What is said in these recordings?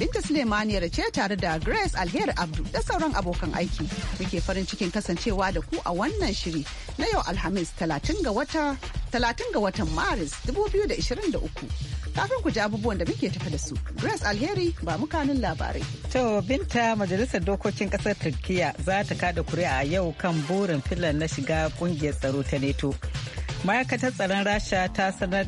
Binta ya ce tare da Grace Alheri Abdu da sauran abokan aiki. Muke farin cikin kasancewa da ku a wannan shiri na yau Alhamis 30 ga wata 30 ga watan Maris 2023. Kafin ku ji abubuwan da muke tafi da su, Grace Alheri ba mu mukanin labarai. To Binta Majalisar Dokokin Kasar Turkiya za ta kada kuri'a a yau kan burin filan na shiga kungiyar tsaro ta NATO. Ma'aikatar tsaron Rasha ta sanar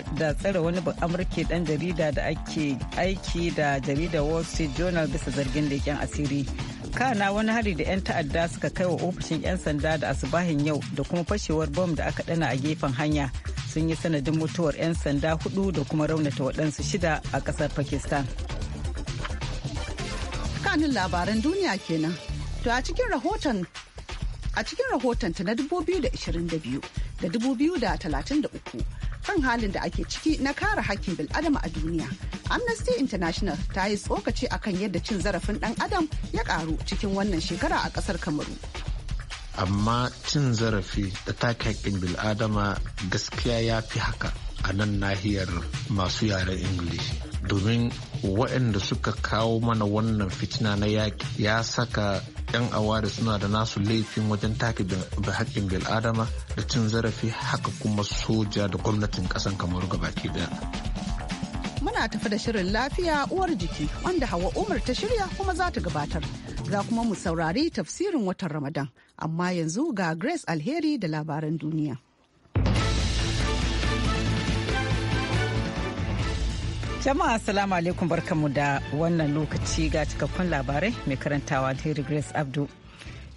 da tsare wani amurke dan jarida da ake aiki da jarida wall street journal bisa zargin leƙen asiri kana wani hari da 'yan ta'adda suka kai wa ofishin 'yan sanda da asubahin yau da kuma fashewar bom da aka dana a gefen hanya sun yi sanadin mutuwar 'yan sanda hudu da kuma raunata waɗansu shida a ƙasar pakistan kanin labaran duniya kenan to a cikin rahoton a cikin rahotonta na 2022 da 2033 kan halin da ake ciki na kare hakkin bil'adama a duniya. Amnesty International ta yi tsokaci akan yadda cin zarafin ɗan adam ya ƙaru cikin wannan shekara a ƙasar Kamaru. Amma cin zarafi da take hakkin bil'adama gaskiya ya fi haka a nan nahiyar masu yaren Ingilishi. Domin waɗanda suka kawo mana wannan fitina na yaƙi ya saka 'yan awada suna da nasu laifin wajen take da haƙƙin bil'adama da cin zarafi haka kuma soja da gwamnatin ƙasan kamaru gabaki daya muna tafi da shirin lafiya uwar jiki wanda hawa umar ta shirya kuma za ta gabatar za kuma mu saurari tafsirin watan ramadan amma yanzu ga grace alheri da labaran duniya Jama'a Assalamu alaikum barkamu da wannan lokaci ga cikakkun labarai mai karantawa Terry Grace Abdu.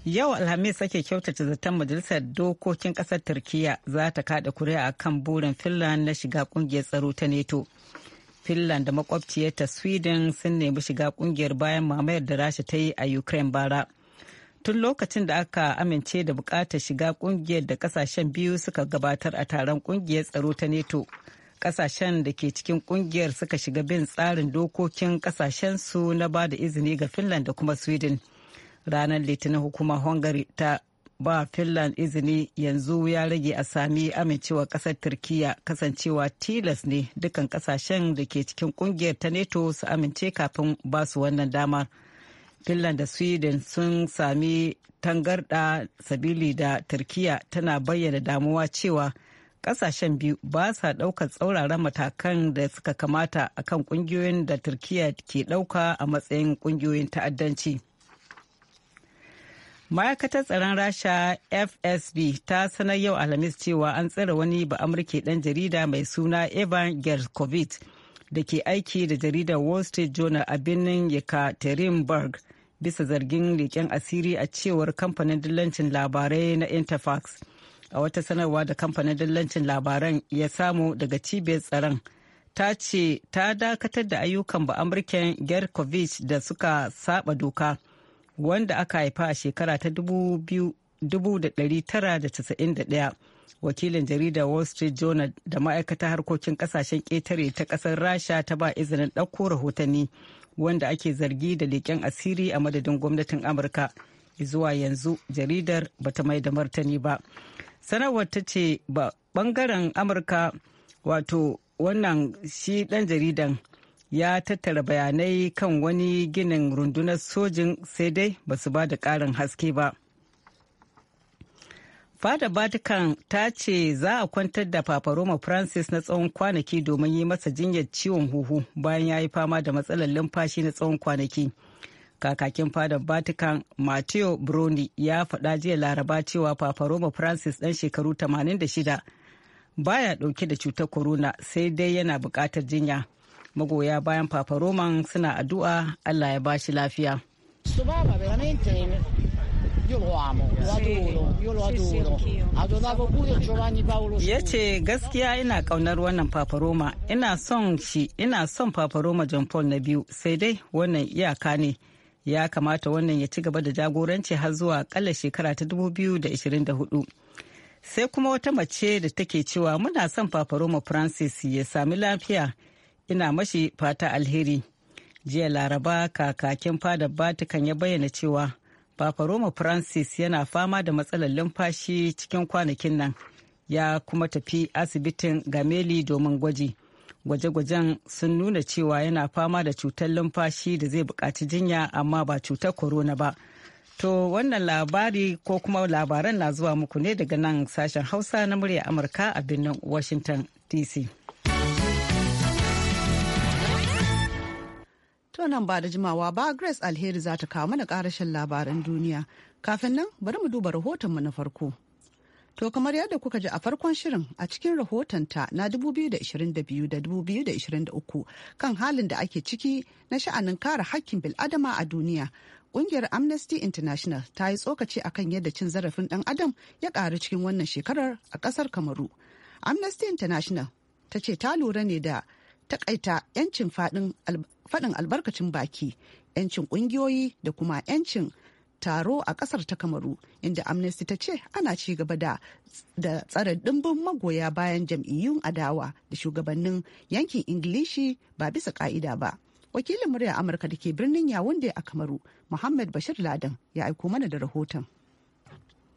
Yau Alhamis ake kyautata zaton Majalisar Dokokin kasar Turkiyya za ta kada kuri'a a kan burin Finland na shiga kungiyar tsaro ta NATO. Finland da makwabciyarta Sweden sun nemi shiga kungiyar bayan mamayar da Rasha ta yi a Ukraine bara. Tun lokacin da aka amince da bukatar shiga kungiyar da kasashen biyu suka gabatar a taron kungiyar tsaro ta NATO kasashen da ke cikin kungiyar suka shiga bin tsarin dokokin kasashensu na ba da izini ga finland da kuma sweden ranar litinin hukuma hungary ta ba finland izini yanzu ya rage a sami amincewa kasar turkiya kasancewa tilas ne dukkan kasashen da ke cikin kungiyar ta neto su amince kafin ba su wannan dama finland da sweden sun sami tangarda sabili da turkiya tana bayyana damuwa cewa kasashen biyu ba sa ɗaukar tsauraran matakan da suka kamata akan kungiyoyin da turkiyya ke ɗauka a matsayin kungiyoyin ta'addanci. ma'aikatar tsaron rasha fsb ta sanar yau alhamis cewa an tsare wani ba amurke dan jarida mai suna evan gershkovit da ke aiki da jaridar wall street journal a birnin yekaterinburg bisa zargin leƙen asiri a cewar kamfanin dillancin labarai na interfax a wata sanarwa da kamfanin dillancin labaran ya samu daga cibiyar tsaron ta ce ta dakatar da ayyukan ba amurken gerkovich da suka saba doka wanda aka haifa a shekara ta 1991 wakilin jaridar wall street journal da ma'aikatar harkokin kasashen ƙetare ta ƙasar rasha ta ba izinin ɗauko rahotanni wanda ake zargi da leƙen asiri a madadin gwamnatin amurka zuwa yanzu jaridar bata mai da martani ba. sanarwar ta ce ba bangaren amurka wato wannan shi dan jaridan ya tattara bayanai kan wani ginin rundunar sojin sai dai ba su ba da ƙarin haske ba fada vatican ta ce za a kwantar da paparoma francis na tsawon kwanaki domin yi masa jinyar ciwon huhu bayan ya yi fama da matsalar lumfashi na tsawon kwanaki kakakin fadar vatican matteo broni ya faɗa jiya laraba cewa papa roma francis ɗan shekaru 86 baya ɗauke da cutar corona sai dai yana buƙatar jinya magoya bayan papa roman suna addu'a allah ya bashi lafiya ya ce gaskiya ina kaunar wannan paparoma ina son shi ina son paparoma john paul na biyu sai dai wannan iyaka ne ya kamata wannan ya ci gaba da jagoranci har zuwa kalla shekara ta 2024 sai kuma wata mace da take cewa muna son fafaroma francis ya sami lafiya ina mashi fata alheri jiya laraba kakakin fada batikan ya bayyana cewa fafaroma francis yana fama da matsalar lumfashi cikin kwanakin nan ya kuma tafi asibitin gameli domin gwaji. gwaje-gwajen sun nuna cewa yana fama da cutar lumfashi da zai bukaci jinya amma ba cutar corona ba. To wannan labari ko kuma labaran na zuwa muku ne daga nan sashen Hausa na murya Amurka a birnin Washington DC. To nan ba da jimawa ba Grace Alheri za ta kawo mana karashin labaran duniya. Kafin nan bari mu duba rahotonmu na farko. To kamar yadda kuka ji a farkon shirin a cikin ta na 2022 da 2023 kan halin da ake ciki na sha'anin kare hakkin bil'adama a duniya. ƙungiyar Amnesty International ta yi tsokaci kan yadda cin zarafin ɗan adam ya ƙaru cikin wannan shekarar a ƙasar Kamaru. Amnesty International ta ce ta lura ne da taƙaita 'yancin faɗin albarkacin baki, 'yancin ƙungiyoyi da kuma 'yancin taro a kasar ta kamaru inda amnesty ta ce ana ci gaba da tsare dimbin magoya bayan jam'iyyun adawa da shugabannin yankin ingilishi ba bisa ka'ida ba wakilin murya amurka da ke birnin yawon a kamaru muhammad bashir ladan ya aiko mana da rahoton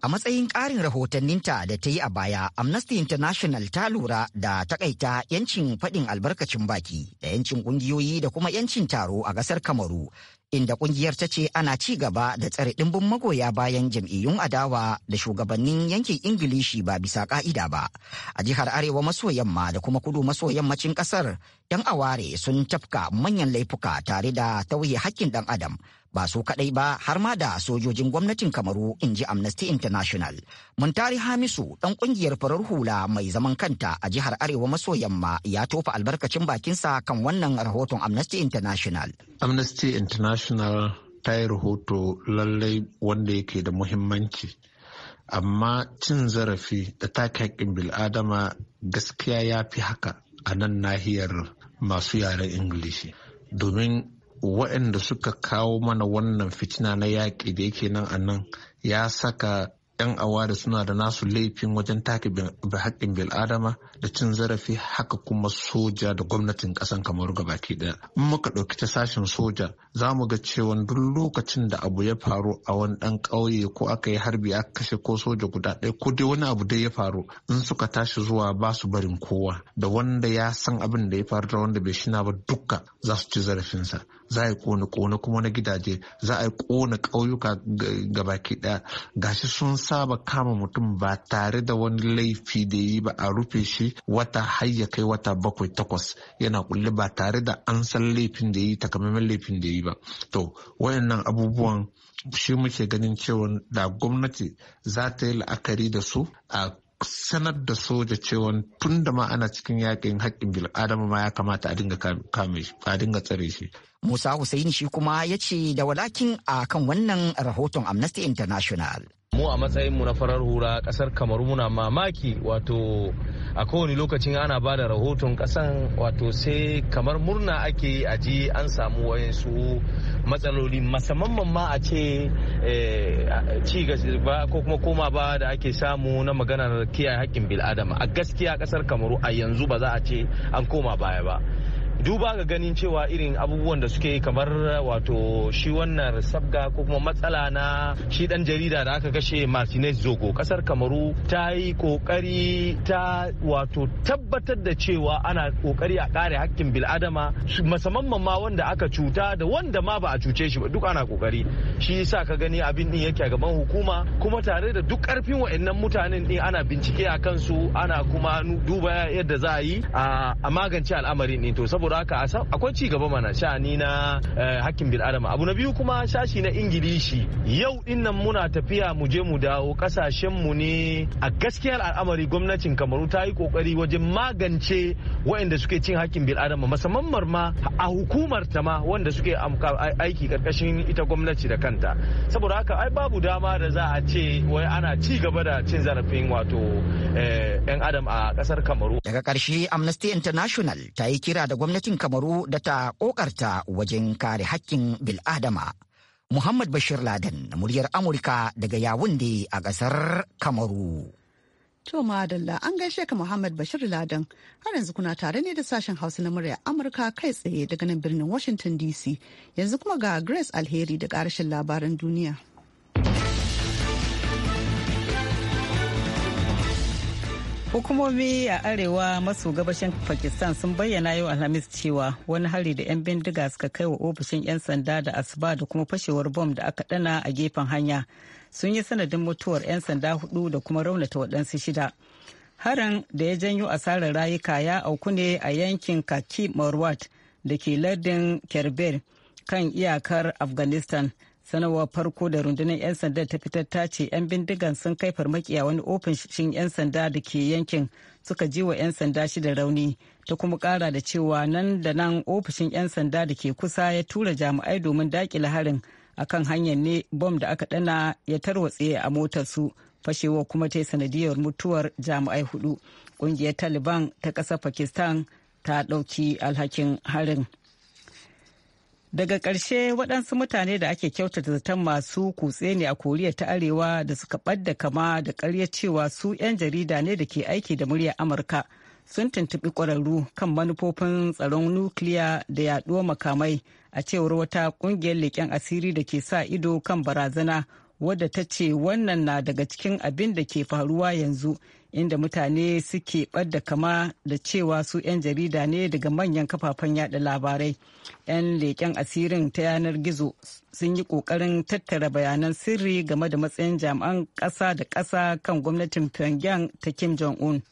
A matsayin ƙarin rahotanninta da ta yi a baya, Amnesty International ta lura da takaita 'yancin faɗin albarkacin baki da 'yancin ƙungiyoyi da kuma 'yancin taro a ƙasar Kamaru, inda ƙungiyar ta ce ana ci gaba da tsare ɗimbin magoya bayan jam'iyyun adawa da shugabannin yankin Ingilishi ba bisa ƙa'ida ba. A jihar Arewa maso yamma da kuma kudu maso yammacin ƙasar, 'yan aware sun tafka manyan laifuka tare da tauye haƙƙin ɗan adam. ba su kaɗai ba har ma da sojojin gwamnatin kamaru in ji amnesty international muntari hamisu ɗan ƙungiyar farar hula mai zaman kanta a jihar arewa maso yamma ya tofa albarkacin bakinsa kan wannan rahoton amnesty international amnesty international ta yi rahoto lallai wanda yake da muhimmanci amma cin zarafi da take haƙƙin bil'adama gaskiya ya fi haka a nan nahiyar masu yaren ingilishi domin waɗanda suka kawo mana wannan fitina na yaƙi da yake nan a nan ya saka 'yan awada suna da nasu laifin wajen take haƙƙin bil'adama da cin zarafi haka kuma soja da gwamnatin ƙasan kamar gabaki ɗaya. In muka ɗauki ta sashen soja za mu ga cewa duk lokacin da abu ya faru a wani ɗan ƙauye ko aka yi harbi aka kashe ko soja guda ɗaya ko dai wani abu dai ya faru in suka tashi zuwa ba su barin kowa da wanda ya san abin da ya faru da wanda bai shina ba duka za su ci zarafinsa. za a yi kone-kone kuma na gidaje za a yi kone ƙauyuka gabaki ɗaya gashi sun saba kama mutum ba tare da wani laifi da yi ba a rufe shi wata har ya kai wata bakwai takwas yana kulle ba tare da an san laifin da yi takamaiman laifin da yi ba to wayannan abubuwan shi muke ganin cewa da gwamnati za ta yi la'akari da su a sanar da soja cewa tun da ma ana cikin yakin haƙƙin bil'adama ma ya kamata a dinga kame shi a dinga tsare shi. Musa Hussaini shi kuma ya ce da walakin a kan wannan rahoton Amnesty International. mu a matsayin mu na farar hura kasar kamaru muna mamaki wato a kowane lokacin ana ba da rahoton kasan wato sai kamar murna ake ji an samu wayansu matsaloli musamman ma a ce eh, ba ko kuma koma ba da ake samu na maganar kiyaye haƙƙin bil'adama a gaskiya kasar kamaru a yanzu ba za a ce an koma baya ba duba ga ganin cewa irin abubuwan da suke kamar eh, wato shi wannan sabga ko kuma matsala na shi dan jarida da aka kashe martinez zogo kasar kamaru ta yi kokari ta wato tabbatar da cewa ana kokari a kare hakkin bil'adama musamman ma wanda aka cuta da wanda ma ba a cuce shi ba duk ana kokari shi yasa ka gani abin din yake a gaban hukuma kuma tare da duk karfin wa'annan mutanen din ana bincike a kansu ana kuma duba yadda za a yi a magance al'amarin din to saboda saboda haka akwai ci gaba mana sha'ani na eh, hakkin adama abu na biyu kuma shashi na ingilishi yau dinnan muna tafiya mu je mu dawo kasashen mu ne a gaskiyar al'amari gwamnatin kamaru ta yi kokari wajen magance waɗanda suke cin hakkin adama musamman ma a hukumar ta ma wanda suke aiki karkashin ita gwamnati da kanta saboda haka ai babu dama da za a ce wai ana ci gaba da cin zarafin wato eh, 'yan adam a kasar kamaru daga karshe amnesty international ta yi kira da gwamnati gwamnatin kamaru da ta kokarta wajen kare hakkin bil'adama muhammad bashir laden muryar amurka daga yawunde a ƙasar kamaru To Madalla an gaishe ka Muhammad Bashir Ladan har yanzu kuna tare ne da sashen Hausa na murya Amurka kai tsaye daga nan birnin Washington DC yanzu kuma ga Grace Alheri da ƙarshen labaran duniya. Hukumomi a arewa maso gabashin Pakistan sun bayyana yau Alhamis cewa wani hari da 'yan bindiga suka kai wa ofishin 'yan sanda da asuba da kuma fashewar bom da aka dana a gefen hanya sun yi sanadin mutuwar 'yan sanda hudu da kuma raunata waɗansu shida. Harin da ya janyo asarar rayuka ya auku ne a yankin Kaki Marwat da ke lardin kerber kan iyakar Afghanistan. sanarwar farko da rundunar 'yan sanda ta fitar ta ce 'yan bindigan sun kai farmaki a wani ofishin 'yan sanda da ke yankin suka ji wa 'yan sanda shi da rauni ta kuma kara da cewa nan da nan ofishin 'yan sanda da ke kusa ya tura jami'ai domin dakile harin a kan hanyar ne bom da aka dana ya tarwatse a motar su fashewa kuma ta yi sanadiyar mutuwar jami'ai hudu ƙungiyar taliban ta ƙasar pakistan ta ɗauki alhakin harin daga ƙarshe waɗansu mutane da ake kyautata zaton masu kutse ne a koriya ta arewa da suka ɓadda kama da ƙarya cewa su 'yan jarida ne da ke aiki da muryar amurka sun tuntuɓi ƙwararru kan manufofin tsaron nukiliya da yaɗuwar makamai a cewar wata ƙungiyar leƙen asiri da ke sa ido kan barazana wadda ta ce wannan na daga cikin abin da ke faruwa yanzu inda mutane suke ɓadda kama da cewa su 'yan jarida ne daga manyan kafafen yada labarai 'yan leƙen asirin ta yanar gizo sun yi ƙoƙarin tattara bayanan sirri game da matsayin jami'an ƙasa da ƙasa kan gwamnatin pyongyang ta kim jong-un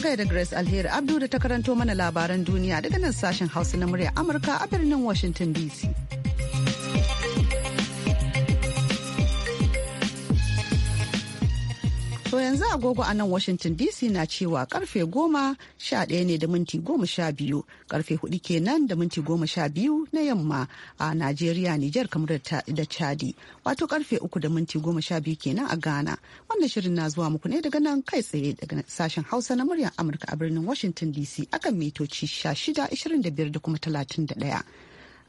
gaida Grace Alheri Abdu da ta karanto mana labaran duniya daga nan sashen Hausa na murya Amurka a birnin Washington DC. To yanzu agogo a nan Washington DC na cewa karfe goma sha ɗaya ne da minti goma sha biyu karfe hudu kenan da minti goma sha biyu na yamma a Najeriya Nijar kamar da Chadi wato karfe uku da minti goma sha biyu kenan a Ghana. Wannan shirin na zuwa muku ne daga nan kai tsaye daga sashen Hausa na muryar Amurka a birnin Washington DC akan mitoci sha shida ishirin da biyar da kuma talatin da ɗaya.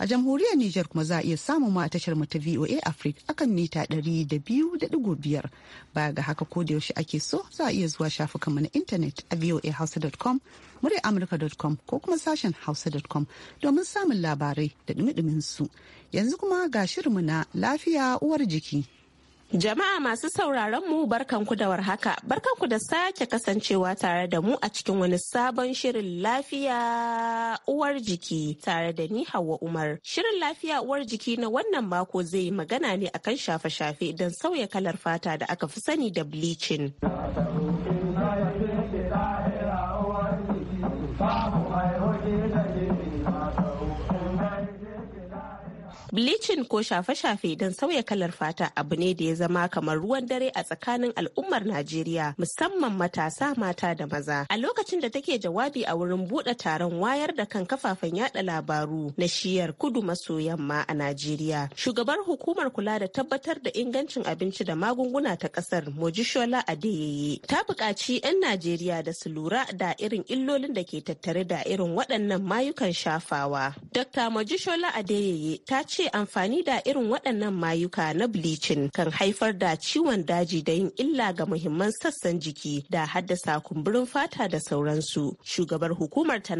A jamhuriyar Nijar kuma za a iya samun ma a tashar mu ta VOA Africa akan mita 200.5. Baya ga haka ko da yaushe ake so za a iya zuwa shafukanmu na intanet a voahausa.com amurka.com ko kuma sashen hausa.com domin samun labarai da dumi su. Yanzu kuma ga shirinmu na lafiya uwar jiki. Jama'a masu sauraron mu barkanku da warhaka, barkanku da sake kasancewa tare da mu a cikin wani sabon shirin lafiya uwar jiki tare da ni Hauwa Umar. Shirin lafiya uwar jiki na wannan mako zai yi magana ne akan shafe-shafe don sauya kalar fata da aka fi sani da bleaching. Bleaching ko shafe-shafe don sauya kalar fata abu ne da ya zama kamar ruwan dare a tsakanin al'ummar Najeriya musamman matasa mata da maza. A lokacin da take jawabi a wurin buɗe taron wayar da kan kafafen yada labaru na shiyar kudu maso yamma a Najeriya. Shugabar hukumar kula da tabbatar da ingancin abinci da magunguna ta kasar, Mojishola Adeyeye ta buƙaci 'yan Najeriya da su lura da irin illolin da ke tattare da irin waɗannan mayukan shafawa. Dr. Mojishola Adeyeye ta ce ce amfani da irin waɗannan mayuka na bleaching kan haifar da ciwon daji da yin illa ga muhimman sassan jiki da haddasa kumburin fata da sauransu. Shugabar hukumar ta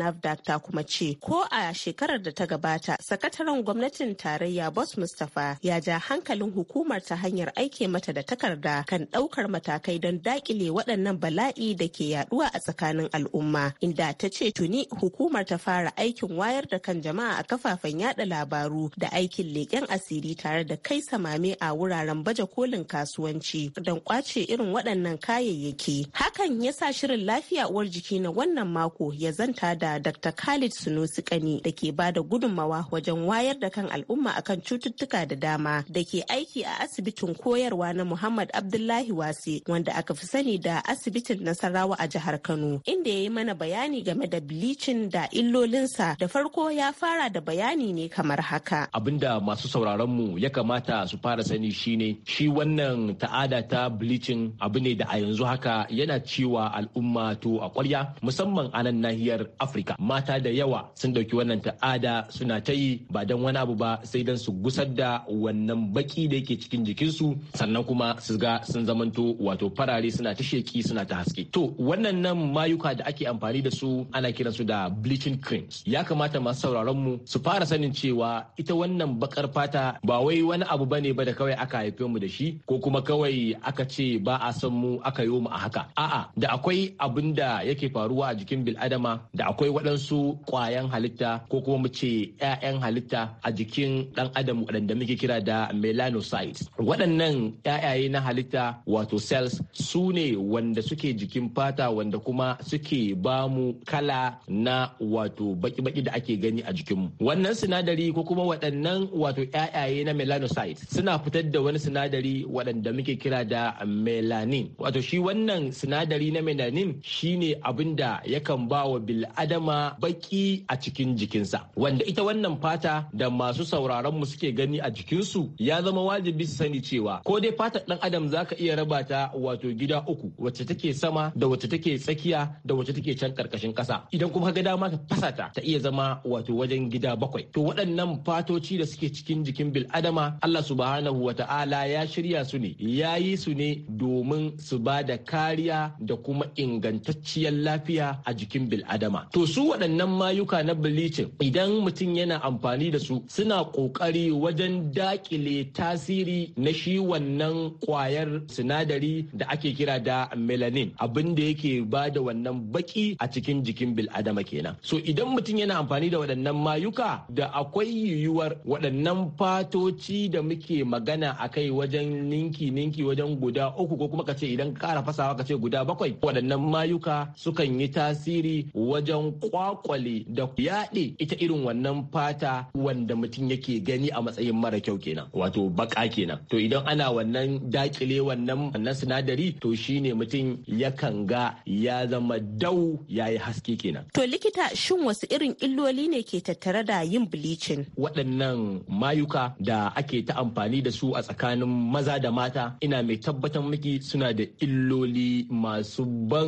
ta kuma ce ko a shekarar da ta gabata sakataren gwamnatin tarayya Boss Mustapha ya ja hankalin hukumar ta hanyar aike mata da takarda kan ɗaukar matakai don dakile waɗannan bala'i da ke yaɗuwa a tsakanin al'umma inda ta ce tuni hukumar ta fara aikin wayar da kan jama'a a kafafen yada labaru da aiki aikin leƙen asiri tare da kai samame a wuraren baje kolin kasuwanci don kwace irin waɗannan kayayyaki. Hakan ya sa shirin lafiya uwar jiki na wannan mako ya zanta da Dr. Khalid Sunusi Kani da ke ba da gudummawa wajen wayar da kan al'umma akan cututtuka da dama da ke aiki a asibitin koyarwa na Muhammad Abdullahi Wase wanda aka fi sani da asibitin Nasarawa a jihar Kano inda ya yi mana bayani game da bilicin da illolinsa da farko ya fara da bayani ne kamar haka. Abin da masu sauraron mu ya kamata su fara sani shine shi wannan ta'ada ta bleaching abu ne da a yanzu haka yana ciwa al'umma to a kwarya musamman a nan nahiyar Afirka mata da yawa sun dauki wannan ta'ada suna ta yi ba don wani abu ba sai don su gusar da wannan baki da yake cikin jikinsu sannan kuma su ga sun zamanto wato farare suna ta sheki suna ta haske to wannan nan mayuka da ake amfani da su ana kiransu da bleaching creams ya kamata masu sauraron mu su fara sanin cewa ita wannan bakar fata ba wai wani abu bane ba da kawai aka haife mu da shi ko kuma kawai aka ce ba a san mu aka yi mu a haka a'a da akwai abin da yake faruwa a jikin bil'adama da akwai waɗansu ƙwayan halitta ko kuma mu ce 'ya'yan halitta a jikin ɗan adam waɗanda muke kira da melanocytes waɗannan 'ya'yaye na halitta wato cells su ne wanda suke jikin fata wanda kuma suke ba mu kala na wato baki-baki da ake gani a jikinmu wannan sinadari ko kuma waɗannan wato ƴaƴaye na melanocyte suna fitar da wani sinadari waɗanda muke kira da melanin wato shi wannan sinadari na melanin shine abin da yakan ba wa bil'adama baki a cikin jikinsa wanda ita wannan fata da masu sauraron mu suke gani a jikinsu ya zama wajibi su sani cewa ko dai fatar ɗan adam zaka iya raba ta wato gida uku wacce take sama da wacce take tsakiya da wacce take can karkashin ƙasa idan kuma ka ga dama ka fasa ta ta iya zama wato wajen gida bakwai to waɗannan fatoci da suke cikin jikin bil'adama Allah subhanahu wa ta'ala ya shirya su ne ya yi su ne domin su ba da kariya da kuma ingantacciyar lafiya a jikin bil'adama to su waɗannan mayuka na bilicin idan mutum yana amfani da su suna ƙoƙari wajen daƙile tasiri na shi wannan ƙwayar sinadari da ake kira da melanin abin da yake ba da wannan baki a cikin jikin bil'adama kenan so idan mutum yana amfani da waɗannan mayuka da akwai yiwuwar waɗannan fatoci da muke magana a kai wajen ninki ninki wajen guda uku ko kuma kace idan kara fasawa kace guda bakwai waɗannan mayuka sukan yi tasiri wajen kwakwale da yaɗe ita irin wannan fata wanda mutum yake gani a matsayin mara kyau kenan wato baka kenan to idan ana wannan dakile wannan wannan sinadari to shine mutum yakan ga ya zama dau yayi haske kenan to likita shin wasu irin illoli ne ke tattare da yin bleaching waɗannan waɗannan mayuka da ake ta amfani da su a tsakanin maza da mata ina mai tabbatar miki suna da illoli masu ban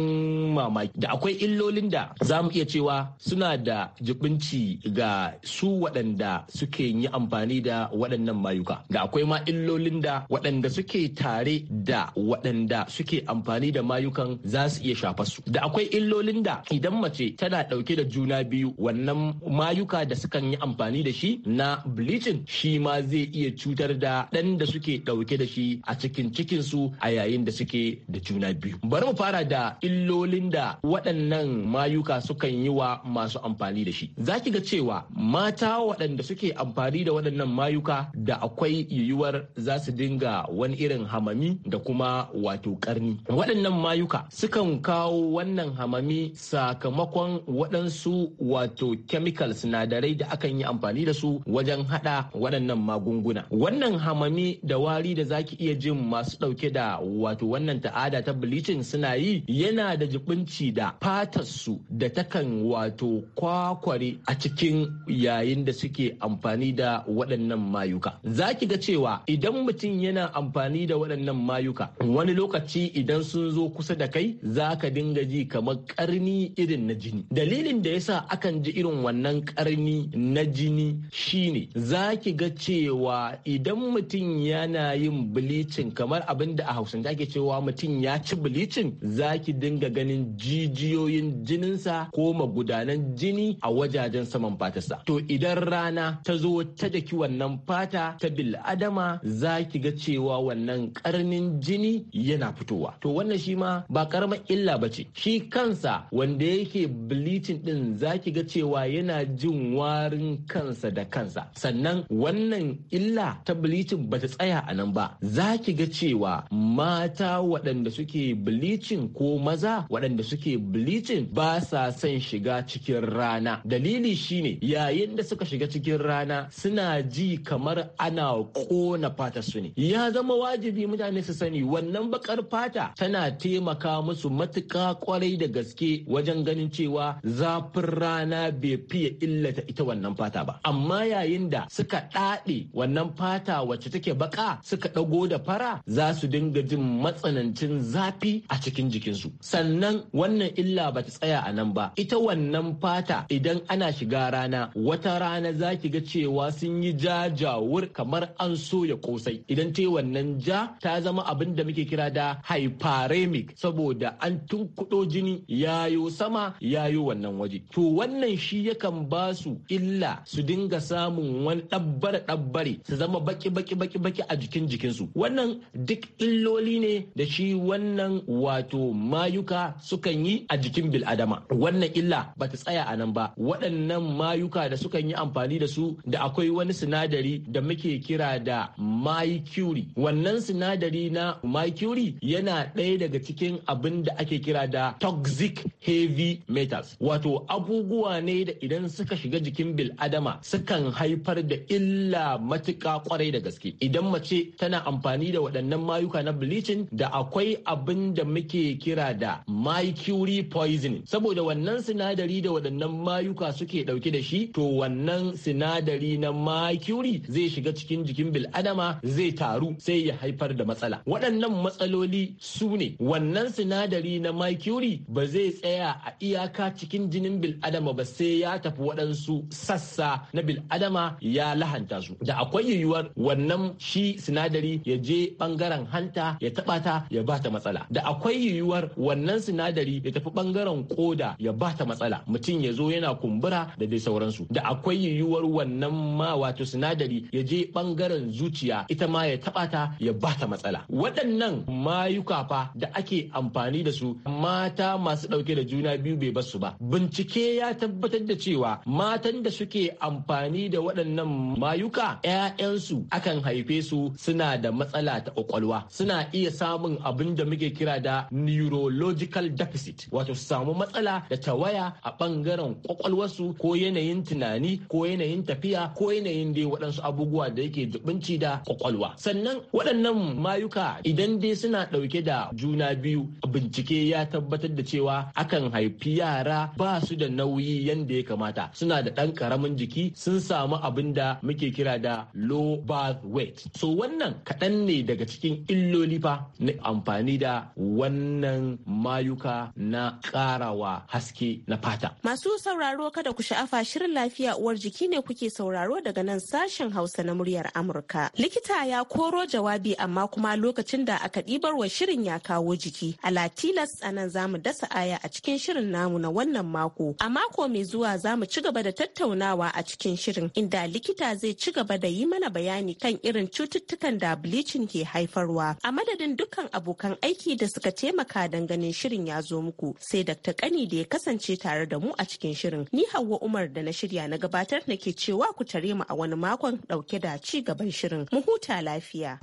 mamaki da akwai illolin da za mu iya cewa suna da jibinci ga su waɗanda suke yi amfani da waɗannan mayuka da akwai ma illolin da waɗanda suke tare da waɗanda suke amfani da mayukan za su iya shafa su da akwai illolin da idan mace tana ɗauke da juna biyu wannan mayuka da sukan yi amfani da shi na bleaching shi ma zai iya cutar da ɗan da suke ɗauke da shi a cikin cikinsu a yayin da suke da juna biyu. Bari mu fara da illolin da waɗannan mayuka sukan yi wa masu amfani da shi. Za ki ga cewa mata waɗanda suke amfani da waɗannan mayuka da akwai yiwuwar za su dinga wani irin hamami da kuma wato karni. Waɗannan mayuka sukan kawo wannan hamami sakamakon waɗansu wato chemical sinadarai da akan yi amfani da su wajen hada waɗannan magunguna wannan hamami da wari da zaki iya jin masu ɗauke da wato wannan ta'ada ta bleaching suna yi yana da jibinci da fatarsu da takan wato kwakware a cikin yayin da suke amfani da waɗannan mayuka zaki ga cewa idan mutum yana amfani da waɗannan mayuka wani lokaci idan sun zo kusa da kai za ka dinga ji kamar ƙarni irin na jini dalilin da yasa akan ji irin wannan karni na jini shine za ki ga cewa idan mutum yana yin bilicin kamar abin da a hausance ake cewa mutum ya ci bilicin za ki dinga ganin jijiyoyin jininsa ko magudanan jini a wajajen saman fatarsa to idan rana ta zo ta daki wannan fata ta bil'adama za ki ga cewa wannan karnin jini yana fitowa to wannan shi ma ba karamar illa ba ce shi kansa wanda yake bilicin din za ki ga cewa yana jin warin kansa da kansa sannan wannan illa ta bleaching bata tsaya a nan ba za ki ga cewa mata waɗanda suke bleaching ko maza waɗanda suke bleaching ba sa son shiga cikin rana dalili shine yayin da suka shiga cikin rana suna ji kamar ana kona fata su ne ya zama wajibi mutane su sani wannan bakar fata tana taimaka musu matuƙa kwarai da gaske wajen ganin cewa zafin rana bai fiye illata ita wannan fata ba amma yayin da suka ɗaɗe wannan fata wacce take baka suka ɗago da fara za su dinga jin matsanancin zafi a cikin jikinsu sannan wannan illa ba ta tsaya a nan ba ita wannan fata idan ana shiga rana wata rana za ki ga cewa sun yi jajawur kamar an soya kosai idan ta wannan ja ta zama abin da muke kira da hyperemic saboda an tunkuɗo jini yayo sama yayo wannan waje to wannan shi yakan ba su illa su dinga samun wani dabbare dabbare su zama baki baki baki baki a jikin jikinsu wannan duk illoli ne da shi wannan wato mayuka sukan yi a jikin bil'adama wannan illa ba ta tsaya a nan ba waɗannan mayuka da sukan yi amfani da su da akwai wani sinadari da muke kira da mercury wannan sinadari na mercury yana ɗaya daga cikin abin da ake kira da toxic heavy metals wato abubuwa ne da idan suka shiga jikin bil'adama sukan haifar haifar da illa matuƙa kwarai da gaske idan mace tana amfani da waɗannan mayuka na bleaching da akwai abin da muke kira da mercury poisoning saboda wannan sinadari da waɗannan mayuka suke ɗauke da shi to wannan sinadari na mercury zai shiga cikin jikin bil'adama zai taru sai ya haifar da matsala waɗannan matsaloli su ne wannan sinadari na mercury ba zai tsaya a iyaka cikin jinin bil'adama ba sai ya tafi waɗansu sassa na bil'adama ya lahanta su da akwai yiwuwar wannan shi sinadari ya je bangaren hanta ya taba ta ya ba ta matsala da akwai yiwuwar wannan sinadari ya tafi bangaren koda ya ba ta matsala mutum ya zo yana kumbura da dai sauransu da akwai yiwuwar wannan ma wato sinadari ya je bangaren zuciya ita ma ya taba ta ya ba ta matsala waɗannan mayuka fa da ake amfani da su mata masu ɗauke da juna biyu bai su ba bincike ya tabbatar da cewa matan da suke amfani da waɗannan waɗannan mayuka 'ya'yansu akan haife su suna da matsala ta ƙwaƙwalwa suna iya samun abin da muke kira da neurological deficit wato su samu matsala da tawaya a ɓangaren ƙwaƙwalwarsu ko yanayin tunani ko yanayin tafiya ko yanayin dai waɗansu abubuwa da yake jubinci da ƙwaƙwalwa sannan waɗannan mayuka idan dai suna ɗauke da juna biyu bincike ya tabbatar da cewa akan haifi yara ba su da nauyi yadda ya kamata suna da ɗan ƙaramin jiki sun samu abin abin da muke kira da low birth weight so wannan kaɗan ne daga cikin illoli fa na amfani da wannan mayuka na ƙarawa haske na fata masu sauraro kada ku sha'afa shirin lafiya uwar jiki ne kuke sauraro daga nan sashen hausa na muryar amurka likita ya koro jawabi amma kuma lokacin da aka ɗibar wa shirin ya kawo jiki a latilas a nan zamu dasa aya a cikin shirin namu na wannan mako a mako mai zuwa zamu ci gaba da tattaunawa a cikin shirin inda likita zai ci gaba da yi mana bayani kan irin cututtukan da bleaching ke haifarwa. A madadin dukkan abokan aiki da suka taimaka ganin shirin ya zo muku sai Dr. Kani da ya kasance tare da mu a cikin shirin. Ni Hauwa Umar da na shirya na gabatar ke cewa ku tare mu a wani makon dauke da ci gaban shirin. Mu huta lafiya.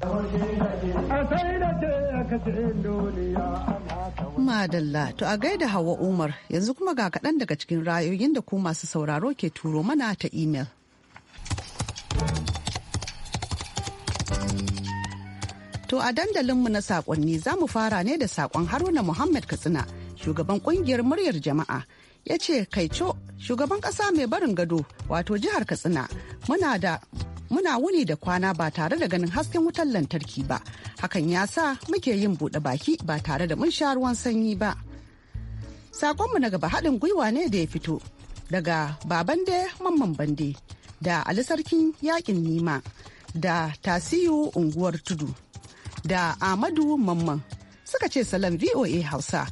Madalla to a gaida Hauwa Umar yanzu kuma ga kaɗan daga cikin rayoyin da ku masu sauraro ke turo mana ta imel. To a dandalinmu na sakonni za mu fara ne da sakon Haruna Muhammad Katsina, shugaban kungiyar muryar jama'a. Ya ce, kai co shugaban ƙasa mai barin gado, wato jihar Katsina, muna da muna wuni da kwana ba tare da ganin hasken wutar lantarki ba hakan ya sa muke yin buɗe baki ba tare da mun sha ruwan sanyi ba sakonmu na gaba haɗin gwiwa ne da ya fito daga babande mamman bande da ali sarkin yaƙin nima da tasiyu unguwar tudu da Amadu Mamman suka ce salam VOA Hausa.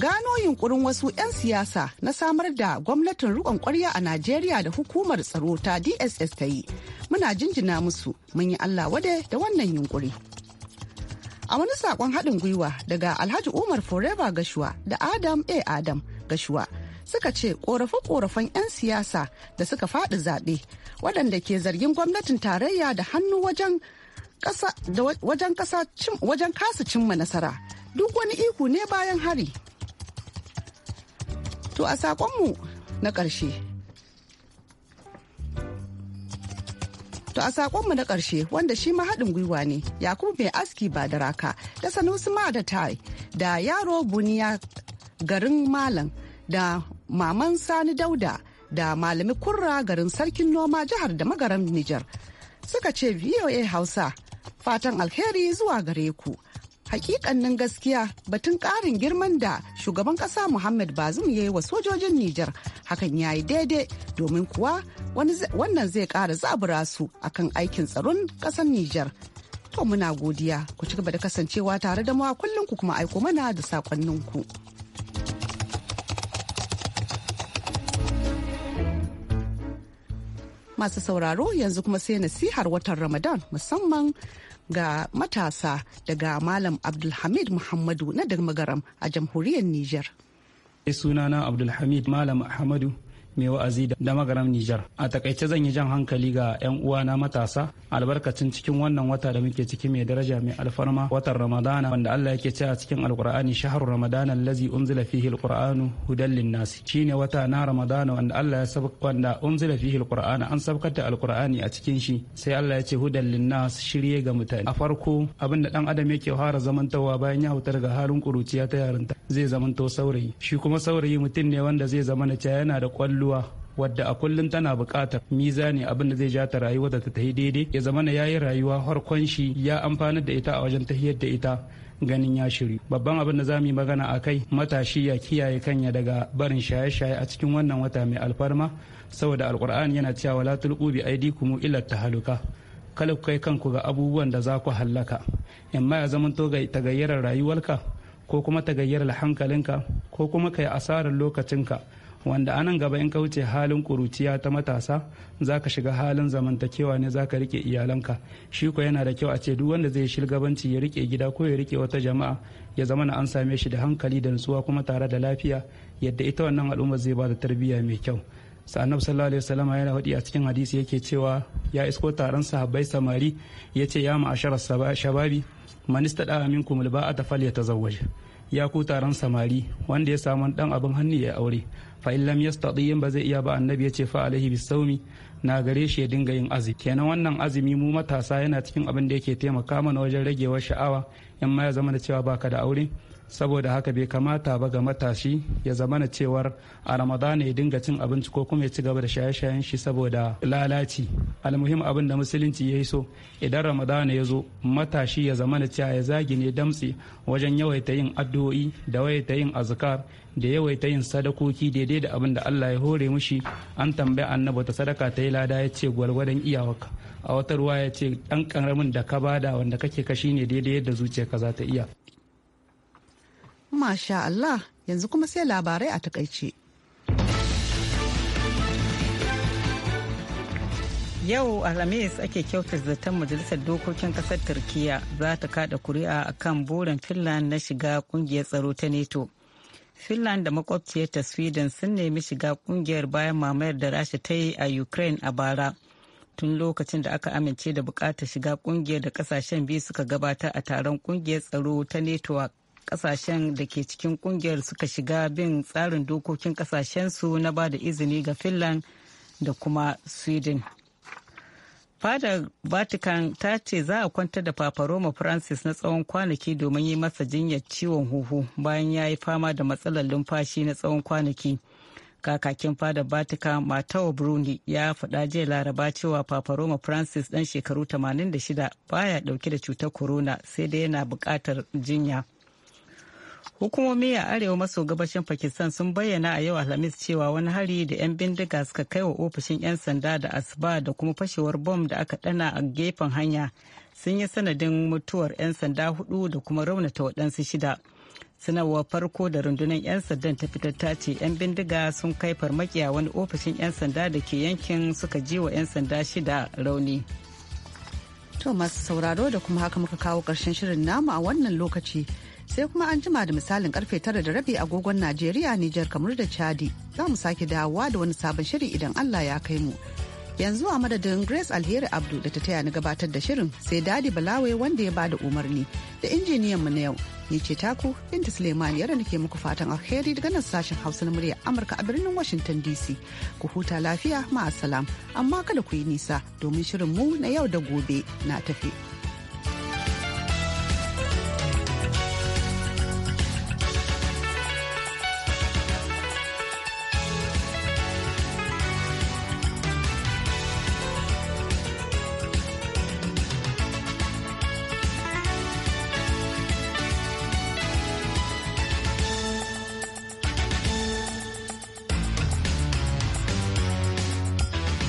Gano yunkurin wasu 'yan siyasa na samar da gwamnatin rikon kwarya a Najeriya da hukumar tsaro ta DSS ta yi. Muna jinjina musu mun yi Allah wade da wannan yunkuri. A wani saƙon haɗin gwiwa daga Alhaji Umar Forever Gashuwa da Adam A. Adam Gashuwa suka ce ƙorafe-ƙorafen 'yan siyasa da suka faɗi zaɓe waɗanda ke zargin gwamnatin tarayya da hannu wajen wajen kasa cimma nasara duk wani iku ne bayan hari. To a saƙonmu na ƙarshe. To a sakonmu na ƙarshe wanda shi ma haɗin gwiwa ne Yakubu mai aski ba da raka da Sanusi ma da tai da yaro buniya garin malam da maman sani dauda da malami kurra garin sarkin noma jihar da magaram Nijar suka ce VOA Hausa Fatan alheri zuwa gare ku. Hakikannin gaskiya batun ƙarin girman da shugaban ƙasa Muhammad Bazum ya yi wa sojojin Nijar hakan ya yi daidai domin kuwa wannan zai ƙara zabura su akan aikin tsaron ƙasar Nijar. To muna godiya ku ci gaba da kasancewa tare da mu a kullum ku kuma aiko mana da saƙonninku. ku. masu sauraro yanzu kuma sai nasihar watan ramadan musamman ga matasa daga malam abdulhamid muhammadu na magaram a jamhuriyar niger eh, sunana abdulhamid malam ahmadu mai wa'azi da magaram Nijar. A takaice zan yi jan hankali ga 'yan uwa na matasa albarkacin cikin wannan wata da muke ciki mai daraja mai alfarma watan Ramadana wanda Allah yake a cikin Alkur'ani shahar Ramadana allazi unzila fihi alqur'anu hudan shi shine wata na Ramadana wanda Allah ya sabaka wanda unzila fihi alqur'ana an sabkata alqur'ani a cikin shi sai Allah ya ce hudan linnas shirye ga mutane. A farko abinda dan adam yake fara zamantawa bayan ya hutar ga halin kuruciya ta yarinta zai zamanto saurayi shi kuma saurayi mutum ne wanda zai na cewa yana da kwallo rayuwa wadda a kullum tana buƙatar mizani abin da zai ja ta rayuwa da ta yi daidai ya zama na yayi rayuwa harkon shi ya amfanar da ita a wajen tahiyar da ita ganin ya shiri babban abin da zamu yi magana a kai matashi ya kiyaye kanya daga barin shaye-shaye a cikin wannan wata mai alfarma saboda alkur'ani yana cewa wala tulqu bi aydikum ila tahaluka kala ku kai kanku ga abubuwan da za ku hallaka amma ya zama to tagayyarar rayuwarka ko kuma tagayyarar hankalinka ko kuma kai asarar lokacinka wanda anan gaba in ka wuce halin kuruciya ta matasa za ka shiga halin zamantakewa ne za ka rike iyalanka shi ko yana da kyau a ce duk wanda zai shilgabanci ya rike gida ko ya rike wata jama'a ya zama na an same shi da hankali da nutsuwa kuma tare da lafiya yadda ita wannan al'umma zai ba da tarbiyya mai kyau sa'annabi sallallahu alaihi wasallam yana faɗi a cikin hadisi yake cewa ya isko taron sahabbai samari yace ya ma'ashara shababi man istada minkum alba'ata falyatazawwaj ya ku taron samari wanda ya samu dan abin hannu ya aure fa in yastadiyin ba zai iya ba annabi ya ce fa alaihi bisawmi na gare shi ya dinga yin azumi kenan wannan azumi mu matasa yana cikin abin da yake taimaka mana wajen ragewar sha'awa in ma ya zama da cewa baka da aure saboda haka bai kamata ba ga matashi ya zamana cewar a ramadana ya dinga cin abinci ko kuma ya ci gaba da shaye-shayen shi saboda lalaci almuhim abin da musulunci ya yi so idan ramadana ya zo matashi ya zamana cewa ya zagi ne damtse wajen yawaita yin addu'o'i da yawaita yin azkar da yawaita yin sadakoki daidai da abin da Allah ya hore mushi an tambaya annabi ta sadaka ta yi lada ya ce gwargwadon iyawarka a wata ruwa ya ce ɗan ƙaramin da ka bada wanda kake kashi ne daidai yadda zuciyarka za ta iya Masha Allah yanzu kuma sai labarai a takaice. Yau Alhamis ake kyauta zaton Majalisar Dokokin Kasar turkiya za ta kada kuri'a a kan burin Finland na shiga kungiyar tsaro ta NATO. Finland da makwabciyarta Sweden sun nemi shiga kungiyar bayan mamayar da Rasha ta yi a Ukraine a bara. Tun lokacin da aka amince da bukatar shiga kungiyar da kasashen biyu suka gabata a taron kungiyar tsaro ta NATO a kasashen da ke cikin kungiyar suka shiga bin tsarin dokokin kasashensu na ba da izini ga finland da kuma sweden fadar vatican ta ce za a kwantar da papa roma francis na tsawon kwanaki domin yi masa jinyar ciwon huhu bayan ya yi fama da matsalar lumfashi na tsawon kwanaki kakakin fadar vatican matawa bruni ya faɗa jiya laraba cewa papa roma francis dan shekaru 86 baya ɗauke da cutar corona sai da yana buƙatar jinya. Hukumomi a arewa maso gabashin Pakistan sun bayyana a yau Alhamis cewa wani hari da 'yan bindiga suka kai wa ofishin 'yan sanda da asuba da kuma fashewar bom da aka dana a gefen hanya sun yi sanadin mutuwar 'yan sanda hudu da kuma raunata waɗansu shida. Sanarwar farko da rundunar 'yan sandan ta fitar ta ce 'yan bindiga sun kai farmaki a wani ofishin 'yan sanda da ke yankin suka ji wa 'yan sanda shida rauni. To masu sauraro da kuma haka muka kawo ƙarshen shirin namu a wannan lokaci. sai kuma an jima da misalin karfe tara da rabi agogon Najeriya, Nijar, kamar da Chadi. Za mu sake dawowa da wani sabon shiri idan Allah ya kai mu. Yanzu a madadin Grace Alheri Abdu da ta taya ni gabatar da shirin sai Dadi Balawe wanda ya bada umarni da injiniyan mu na yau. Ni ce taku Binta Suleiman yara nake muku fatan alheri daga nan sashen Hausa na murya Amurka a birnin Washington DC. Ku huta lafiya ma'asalam amma kada ku yi nisa domin shirin mu na yau da gobe na tafi.